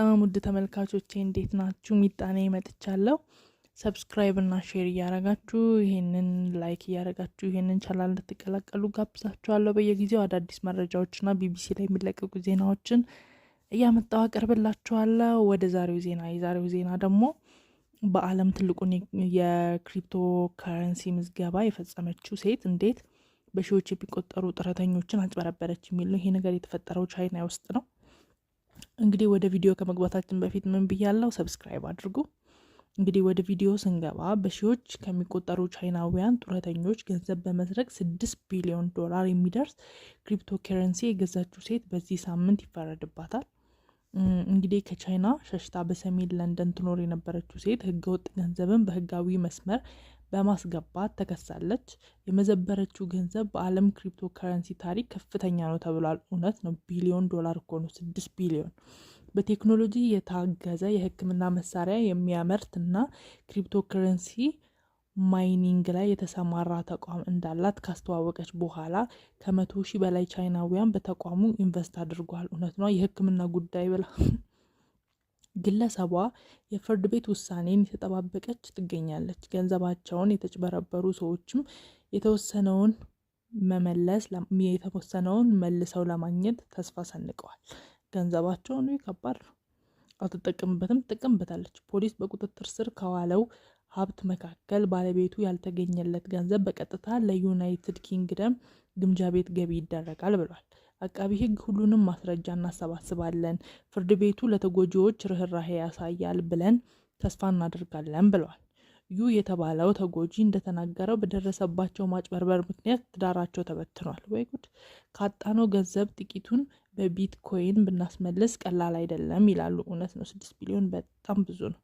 በጣም ውድ ተመልካቾቼ እንዴት ናችሁ? ሚጣኔ መጥቻለሁ። ሰብስክራይብ እና ሼር እያረጋችሁ ይህንን ላይክ እያረጋችሁ ይህንን ቻናል እንድትቀላቀሉ ጋብዛችኋለሁ። በየጊዜው አዳዲስ መረጃዎችና ቢቢሲ ላይ የሚለቀቁ ዜናዎችን እያመጣው አቀርብላችኋለሁ። ወደ ዛሬው ዜና፣ የዛሬው ዜና ደግሞ በዓለም ትልቁን የክሪፕቶ ከረንሲ ምዝገባ የፈጸመችው ሴት እንዴት በሺዎች የሚቆጠሩ ጥረተኞችን አጭበረበረች የሚል ነው። ይሄ ነገር የተፈጠረው ቻይና ውስጥ ነው። እንግዲህ ወደ ቪዲዮ ከመግባታችን በፊት ምን ብያለው? ሰብስክራይብ አድርጉ። እንግዲህ ወደ ቪዲዮ ስንገባ በሺዎች ከሚቆጠሩ ቻይናውያን ጡረተኞች ገንዘብ በመስረቅ ስድስት ቢሊዮን ዶላር የሚደርስ ክሪፕቶ ከረንሲ የገዛችው ሴት በዚህ ሳምንት ይፈረድባታል። እንግዲህ ከቻይና ሸሽታ በሰሜን ለንደን ትኖር የነበረችው ሴት ህገወጥ ገንዘብን በህጋዊ መስመር በማስገባት ተከሳለች። የመዘበረችው ገንዘብ በዓለም ክሪፕቶ ከረንሲ ታሪክ ከፍተኛ ነው ተብሏል። እውነት ነው። ቢሊዮን ዶላር እኮ ነው፣ ስድስት ቢሊዮን። በቴክኖሎጂ የታገዘ የሕክምና መሳሪያ የሚያመርት እና ክሪፕቶ ከረንሲ ማይኒንግ ላይ የተሰማራ ተቋም እንዳላት ካስተዋወቀች በኋላ ከመቶ ሺህ በላይ ቻይናውያን በተቋሙ ኢንቨስት አድርጓል። እውነት ነው። የሕክምና ጉዳይ ብላ ግለሰቧ የፍርድ ቤት ውሳኔን የተጠባበቀች ትገኛለች። ገንዘባቸውን የተጭበረበሩ ሰዎችም የተወሰነውን መመለስ የተወሰነውን መልሰው ለማግኘት ተስፋ ሰንቀዋል። ገንዘባቸውን ከባድ ነው። አልተጠቀምበትም፣ ትጠቀምበታለች። ፖሊስ በቁጥጥር ስር ከዋለው ሀብት መካከል ባለቤቱ ያልተገኘለት ገንዘብ በቀጥታ ለዩናይትድ ኪንግደም ግምጃ ቤት ገቢ ይደረጋል ብሏል። አቃቢ ህግ ሁሉንም ማስረጃ እናሰባስባለን፣ ፍርድ ቤቱ ለተጎጂዎች ርኅራሄ ያሳያል ብለን ተስፋ እናደርጋለን ብለዋል። ዩ የተባለው ተጎጂ እንደተናገረው በደረሰባቸው ማጭበርበር ምክንያት ትዳራቸው ተበትኗል። ወይ ጉድ! ካጣነው ገንዘብ ጥቂቱን በቢትኮይን ብናስመልስ ቀላል አይደለም ይላሉ። እውነት ነው። ስድስት ቢሊዮን በጣም ብዙ ነው።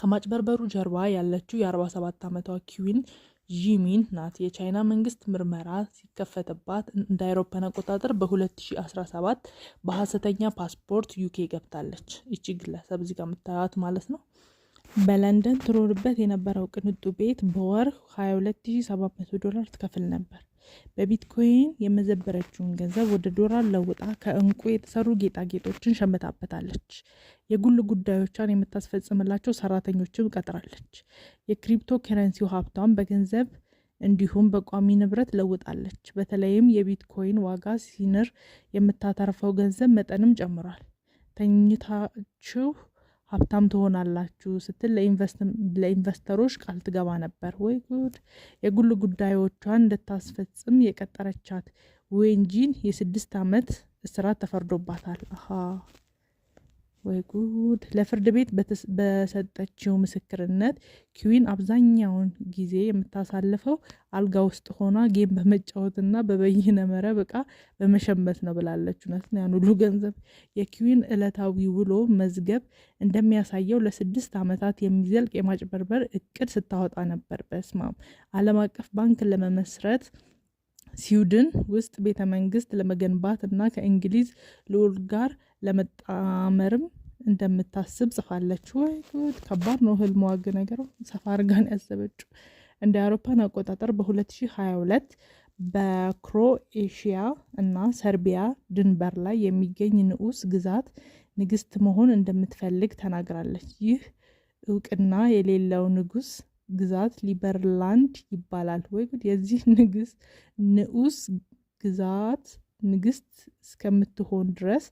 ከማጭበርበሩ ጀርባ ያለችው የ47 ዓመቷ ኪዊን ዢሚን ናት። የቻይና መንግስት ምርመራ ሲከፈትባት እንደ አውሮፓን አቆጣጠር በ2017 በሀሰተኛ ፓስፖርት ዩኬ ገብታለች። እቺ ግለሰብ እዚጋ የምታዩት ማለት ነው። በለንደን ትኖርበት የነበረው ቅንጡ ቤት በወር 22700 ዶላር ትከፍል ነበር። በቢትኮይን የመዘበረችውን ገንዘብ ወደ ዶላር ለውጣ ከእንቁ የተሰሩ ጌጣጌጦችን ሸምታበታለች። የግል ጉዳዮቿን የምታስፈጽምላቸው ሰራተኞችም ቀጥራለች። የክሪፕቶ ከረንሲው ሀብቷን በገንዘብ እንዲሁም በቋሚ ንብረት ለውጣለች። በተለይም የቢትኮይን ዋጋ ሲንር የምታተርፈው ገንዘብ መጠንም ጨምሯል። ተኝታችሁ ሀብታም ትሆናላችሁ ስትል ለኢንቨስተሮች ቃል ትገባ ነበር። ወይ ጉድ! የግል ጉዳዮቿን እንድታስፈጽም የቀጠረቻት ዌንጂን የስድስት ዓመት እስራት ተፈርዶባታል። አሃ ወይ ጉድ! ለፍርድ ቤት በሰጠችው ምስክርነት ኪዊን አብዛኛውን ጊዜ የምታሳልፈው አልጋ ውስጥ ሆና ጌም በመጫወትና በበይነ መረብ ዕቃ በመሸመት ነው ብላለች። እውነት ነው። ያን ሁሉ ገንዘብ የኪዊን ዕለታዊ ውሎ መዝገብ እንደሚያሳየው ለስድስት ዓመታት የሚዘልቅ የማጭበርበር እቅድ ስታወጣ ነበር። በስማም ዓለም አቀፍ ባንክን ለመመስረት ስዊድን ውስጥ ቤተ መንግስት ለመገንባት እና ከእንግሊዝ ልዑል ጋር ለመጣመርም እንደምታስብ ጽፋለች። ወይ ጉድ! ከባድ ነው ህልሟ። ዋግ ነገር ሰፋ አርጋን ያሰበችው እንደ አውሮፓን አቆጣጠር በ2022 በክሮኤሽያ እና ሰርቢያ ድንበር ላይ የሚገኝ ንዑስ ግዛት ንግስት መሆን እንደምትፈልግ ተናግራለች። ይህ እውቅና የሌለው ንጉስ ግዛት ሊበርላንድ ይባላል። ወይ ጉድ! የዚህ ንግስ ንዑስ ግዛት ንግስት እስከምትሆን ድረስ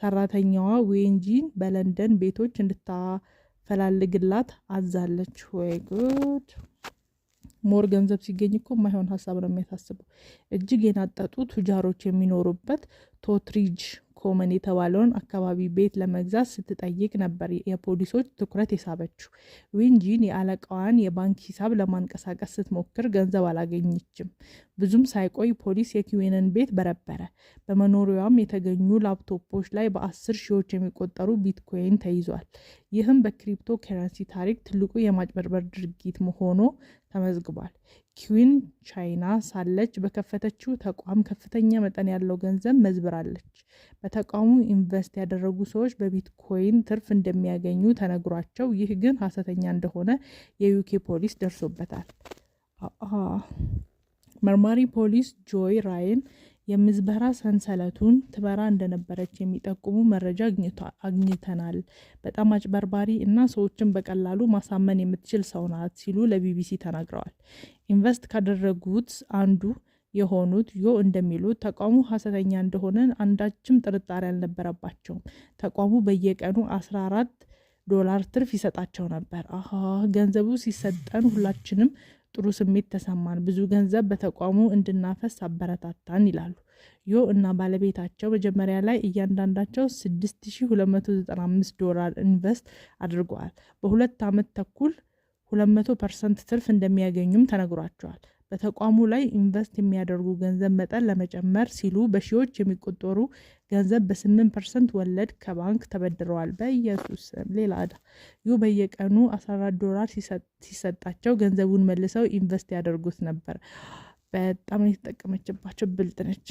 ሰራተኛዋ ዌንጂን በለንደን ቤቶች እንድታፈላልግላት አዛለች። ወይ ጉድ! ሞር ገንዘብ ሲገኝ እኮ ማይሆን ሀሳብ ነው የሚያሳስበው። እጅግ የናጠጡ ቱጃሮች የሚኖሩበት ቶትሪጅ ኮመን የተባለውን አካባቢ ቤት ለመግዛት ስትጠይቅ ነበር የፖሊሶች ትኩረት የሳበችው። ዊንጂን የአለቃዋን የባንክ ሂሳብ ለማንቀሳቀስ ስትሞክር ገንዘብ አላገኘችም። ብዙም ሳይቆይ ፖሊስ የኪዌንን ቤት በረበረ። በመኖሪያዋም የተገኙ ላፕቶፖች ላይ በአስር ሺዎች የሚቆጠሩ ቢትኮይን ተይዟል። ይህም በክሪፕቶ ከረንሲ ታሪክ ትልቁ የማጭበርበር ድርጊት መሆኑ ተመዝግቧል። ኪዊን ቻይና ሳለች በከፈተችው ተቋም ከፍተኛ መጠን ያለው ገንዘብ መዝብራለች። በተቋሙ ኢንቨስት ያደረጉ ሰዎች በቢትኮይን ትርፍ እንደሚያገኙ ተነግሯቸው፣ ይህ ግን ሀሰተኛ እንደሆነ የዩኬ ፖሊስ ደርሶበታል። መርማሪ ፖሊስ ጆይ ራይን የምዝበራ ሰንሰለቱን ትበራ እንደነበረች የሚጠቁሙ መረጃ አግኝተናል። በጣም አጭበርባሪ እና ሰዎችን በቀላሉ ማሳመን የምትችል ሰው ናት ሲሉ ለቢቢሲ ተናግረዋል። ኢንቨስት ካደረጉት አንዱ የሆኑት ዮ እንደሚሉት ተቋሙ ሀሰተኛ እንደሆነ አንዳችም ጥርጣሬ አልነበረባቸውም። ተቋሙ በየቀኑ 14 ዶላር ትርፍ ይሰጣቸው ነበር። አሀ ገንዘቡ ሲሰጠን ሁላችንም ጥሩ ስሜት ተሰማን። ብዙ ገንዘብ በተቋሙ እንድናፈስ አበረታታን ይላሉ። ዮ እና ባለቤታቸው መጀመሪያ ላይ እያንዳንዳቸው 6295 ዶላር ኢንቨስት አድርገዋል። በሁለት ዓመት ተኩል 200 ፐርሰንት ትርፍ እንደሚያገኙም ተነግሯቸዋል። በተቋሙ ላይ ኢንቨስት የሚያደርጉ ገንዘብ መጠን ለመጨመር ሲሉ በሺዎች የሚቆጠሩ ገንዘብ በስምንት ፐርሰንት ወለድ ከባንክ ተበድረዋል። በኢየሱስ ሌላ አዳ ዩ በየቀኑ አስራ አራት ዶላር ሲሰጣቸው ገንዘቡን መልሰው ኢንቨስት ያደርጉት ነበር። በጣም የተጠቀመችባቸው። ብልጥ ነች።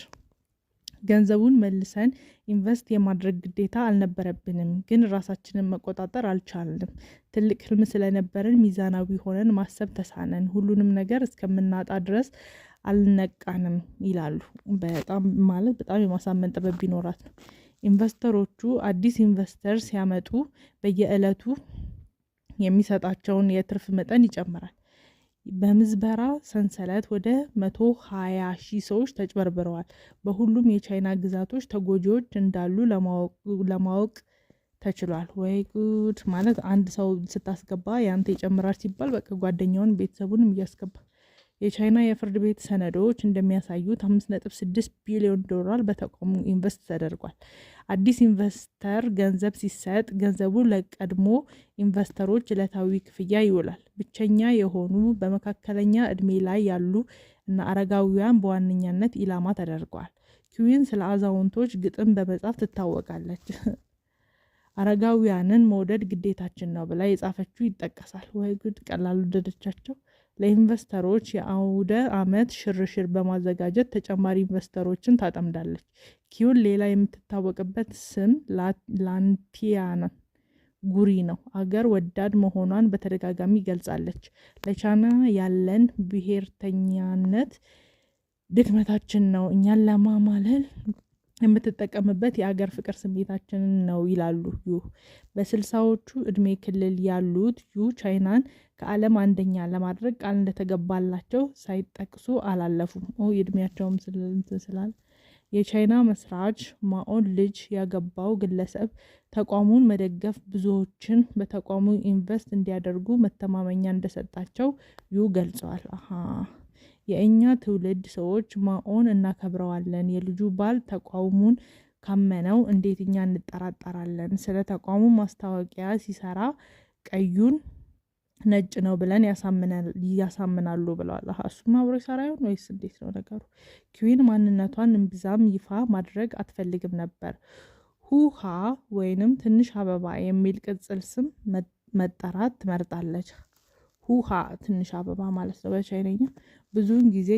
ገንዘቡን መልሰን ኢንቨስት የማድረግ ግዴታ አልነበረብንም፣ ግን ራሳችንን መቆጣጠር አልቻልንም። ትልቅ ህልም ስለነበረን ሚዛናዊ ሆነን ማሰብ ተሳነን። ሁሉንም ነገር እስከምናጣ ድረስ አልነቃንም ይላሉ። በጣም ማለት በጣም የማሳመን ጥበብ ቢኖራት ነው። ኢንቨስተሮቹ አዲስ ኢንቨስተር ሲያመጡ በየዕለቱ የሚሰጣቸውን የትርፍ መጠን ይጨምራል። በምዝበራ ሰንሰለት ወደ መቶ ሀያ ሺህ ሰዎች ተጭበርብረዋል። በሁሉም የቻይና ግዛቶች ተጎጂዎች እንዳሉ ለማወቅ ተችሏል። ወይ ጉድ! ማለት አንድ ሰው ስታስገባ ያንተ ይጨምራል ሲባል በቃ ጓደኛውን ቤተሰቡንም እያስገባ የቻይና የፍርድ ቤት ሰነዶች እንደሚያሳዩት 5.6 ቢሊዮን ዶላር በተቋሙ ኢንቨስት ተደርጓል። አዲስ ኢንቨስተር ገንዘብ ሲሰጥ ገንዘቡ ለቀድሞ ኢንቨስተሮች ዕለታዊ ክፍያ ይውላል። ብቸኛ የሆኑ በመካከለኛ ዕድሜ ላይ ያሉ እና አረጋውያን በዋነኛነት ኢላማ ተደርገዋል። ኪዊን ስለ አዛውንቶች ግጥም በመጻፍ ትታወቃለች። አረጋውያንን መውደድ ግዴታችን ነው ብላ የጻፈችው ይጠቀሳል። ወይ ጉድ! ቀላል ወደደቻቸው። ለኢንቨስተሮች የአውደ አመት ሽርሽር በማዘጋጀት ተጨማሪ ኢንቨስተሮችን ታጠምዳለች። ኪዩን ሌላ የምትታወቅበት ስም ላንቲያን ጉሪ ነው። አገር ወዳድ መሆኗን በተደጋጋሚ ገልጻለች። ለቻና ያለን ብሔርተኛነት ድክመታችን ነው። እኛን ለማማለል የምትጠቀምበት የአገር ፍቅር ስሜታችንን ነው ይላሉ ዩ። በስልሳዎቹ እድሜ ክልል ያሉት ዩ ቻይናን ከዓለም አንደኛ ለማድረግ ቃል እንደተገባላቸው ሳይጠቅሱ አላለፉም። ኦ የእድሜያቸውም ስላል የቻይና መስራች ማኦን ልጅ ያገባው ግለሰብ ተቋሙን መደገፍ ብዙዎችን በተቋሙ ኢንቨስት እንዲያደርጉ መተማመኛ እንደሰጣቸው ዩ ገልጸዋል። የእኛ ትውልድ ሰዎች ማኦን እናከብረዋለን። የልጁ ባል ተቋሙን ካመነው እንዴት እኛ እንጠራጠራለን? ስለ ተቋሙ ማስታወቂያ ሲሰራ ቀዩን ነጭ ነው ብለን ያሳምናሉ ብለዋል። እሱም አብሮ ይሰራ ይሆን ወይስ እንዴት ነው ነገሩ? ኪዊን ማንነቷን እምብዛም ይፋ ማድረግ አትፈልግም ነበር። ሁሃ ወይንም ትንሽ አበባ የሚል ቅጽል ስም መጠራት ትመርጣለች። ሁሃ ትንሽ አበባ ማለት ነው በቻይነኛ። ብዙውን ጊዜ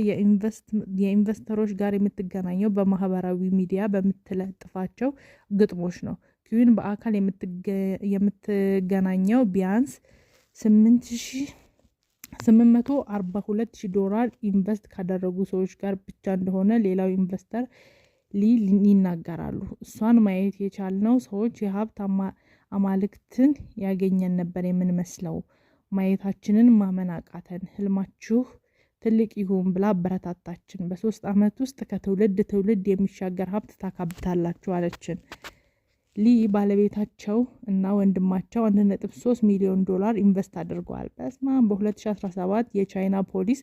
የኢንቨስተሮች ጋር የምትገናኘው በማህበራዊ ሚዲያ በምትለጥፋቸው ግጥሞች ነው። ኪዊን በአካል የምትገናኘው ቢያንስ ስምንት ሺህ ስምንት መቶ አርባ ሁለት ዶላር ኢንቨስት ካደረጉ ሰዎች ጋር ብቻ እንደሆነ ሌላው ኢንቨስተር ሊ ይናገራሉ። እሷን ማየት የቻልነው ሰዎች የሀብት አማልክትን ያገኘን ነበር የምንመስለው ማየታችንን ማመን አቃተን። ህልማችሁ ትልቅ ይሁን ብላ አበረታታችን። በሶስት ዓመት ውስጥ ከትውልድ ትውልድ የሚሻገር ሀብት ታካብታላችሁ አለችን። ሊ ባለቤታቸው እና ወንድማቸው 1.3 ሚሊዮን ዶላር ኢንቨስት አድርገዋል። በስማም በ2017 የቻይና ፖሊስ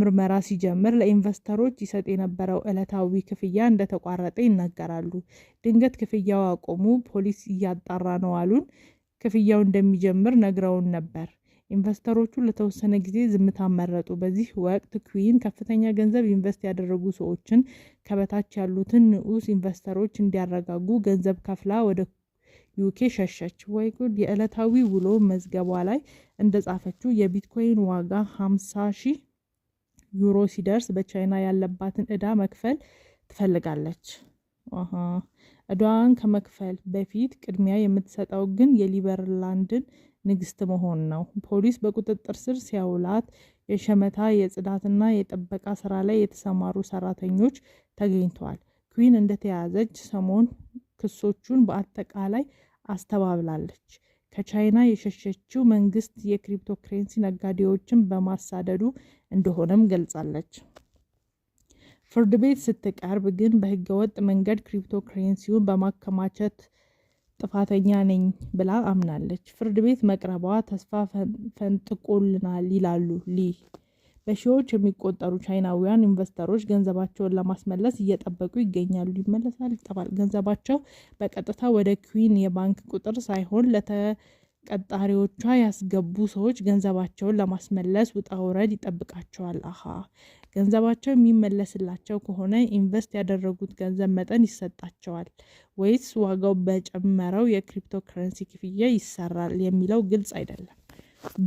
ምርመራ ሲጀምር ለኢንቨስተሮች ይሰጥ የነበረው ዕለታዊ ክፍያ እንደተቋረጠ ይናገራሉ። ድንገት ክፍያው አቆሙ። ፖሊስ እያጣራ ነው አሉን። ክፍያው እንደሚጀምር ነግረውን ነበር። ኢንቨስተሮቹ ለተወሰነ ጊዜ ዝምታ መረጡ። በዚህ ወቅት ኩዊን ከፍተኛ ገንዘብ ኢንቨስት ያደረጉ ሰዎችን ከበታች ያሉትን ንዑስ ኢንቨስተሮች እንዲያረጋጉ ገንዘብ ከፍላ ወደ ዩኬ ሸሸች። ወይ ጉድ! የዕለታዊ ውሎ መዝገቧ ላይ እንደጻፈችው የቢትኮይን ዋጋ 50 ሺህ ዩሮ ሲደርስ በቻይና ያለባትን ዕዳ መክፈል ትፈልጋለች። ዕዳዋን ከመክፈል በፊት ቅድሚያ የምትሰጠው ግን የሊበርላንድን ንግስት መሆን ነው። ፖሊስ በቁጥጥር ስር ሲያውላት የሸመታ የጽዳትና የጥበቃ ስራ ላይ የተሰማሩ ሰራተኞች ተገኝተዋል። ኩዊን እንደተያዘች ሰሞን ክሶቹን በአጠቃላይ አስተባብላለች። ከቻይና የሸሸችው መንግስት የክሪፕቶ ነጋዴዎችን በማሳደዱ እንደሆነም ገልጻለች። ፍርድ ቤት ስትቀርብ ግን በህገወጥ መንገድ ክሪፕቶ ከረንሲውን በማከማቸት ጥፋተኛ ነኝ ብላ አምናለች። ፍርድ ቤት መቅረቧ ተስፋ ፈንጥቆልናል ይላሉ ሊ። በሺዎች የሚቆጠሩ ቻይናውያን ኢንቨስተሮች ገንዘባቸውን ለማስመለስ እየጠበቁ ይገኛሉ። ይመለሳል ይጠባል። ገንዘባቸው በቀጥታ ወደ ኩዊን የባንክ ቁጥር ሳይሆን ለተቀጣሪዎቿ ያስገቡ ሰዎች ገንዘባቸውን ለማስመለስ ውጣ ውረድ ይጠብቃቸዋል። አሀ ገንዘባቸው የሚመለስላቸው ከሆነ ኢንቨስት ያደረጉት ገንዘብ መጠን ይሰጣቸዋል ወይስ ዋጋው በጨመረው የክሪፕቶ ከረንሲ ክፍያ ይሰራል የሚለው ግልጽ አይደለም።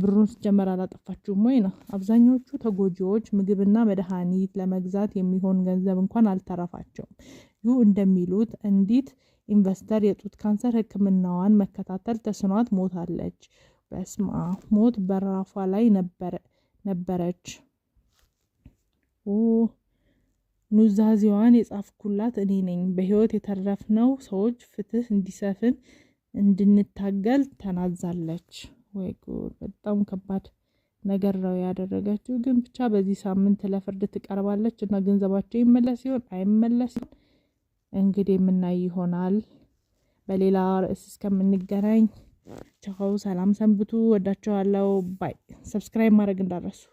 ብሩን ስጀመር አላጠፋችሁም ወይ ነው። አብዛኞቹ ተጎጂዎች ምግብና መድኃኒት ለመግዛት የሚሆን ገንዘብ እንኳን አልተረፋቸውም። ዩ እንደሚሉት እንዲት ኢንቨስተር የጡት ካንሰር ሕክምናዋን መከታተል ተስኗት ሞታለች። በስማ ሞት በራፏ ላይ ነበረች። ኑዛዜዋን የጻፍኩላት እኔ ነኝ። በሕይወት የተረፍነው ሰዎች ፍትህ እንዲሰፍን እንድንታገል ተናዛለች። ወይ ጉድ! በጣም ከባድ ነገር ነው ያደረገችው። ግን ብቻ በዚህ ሳምንት ለፍርድ ትቀርባለች እና ገንዘባቸው ይመለስ ይሆን አይመለስ ይሆን እንግዲህ የምናይ ይሆናል። በሌላ ርዕስ እስከምንገናኝ ቻው፣ ሰላም ሰንብቱ። ወዳችኋለሁ። ባይ። ሰብስክራይብ ማድረግ እንዳረሱ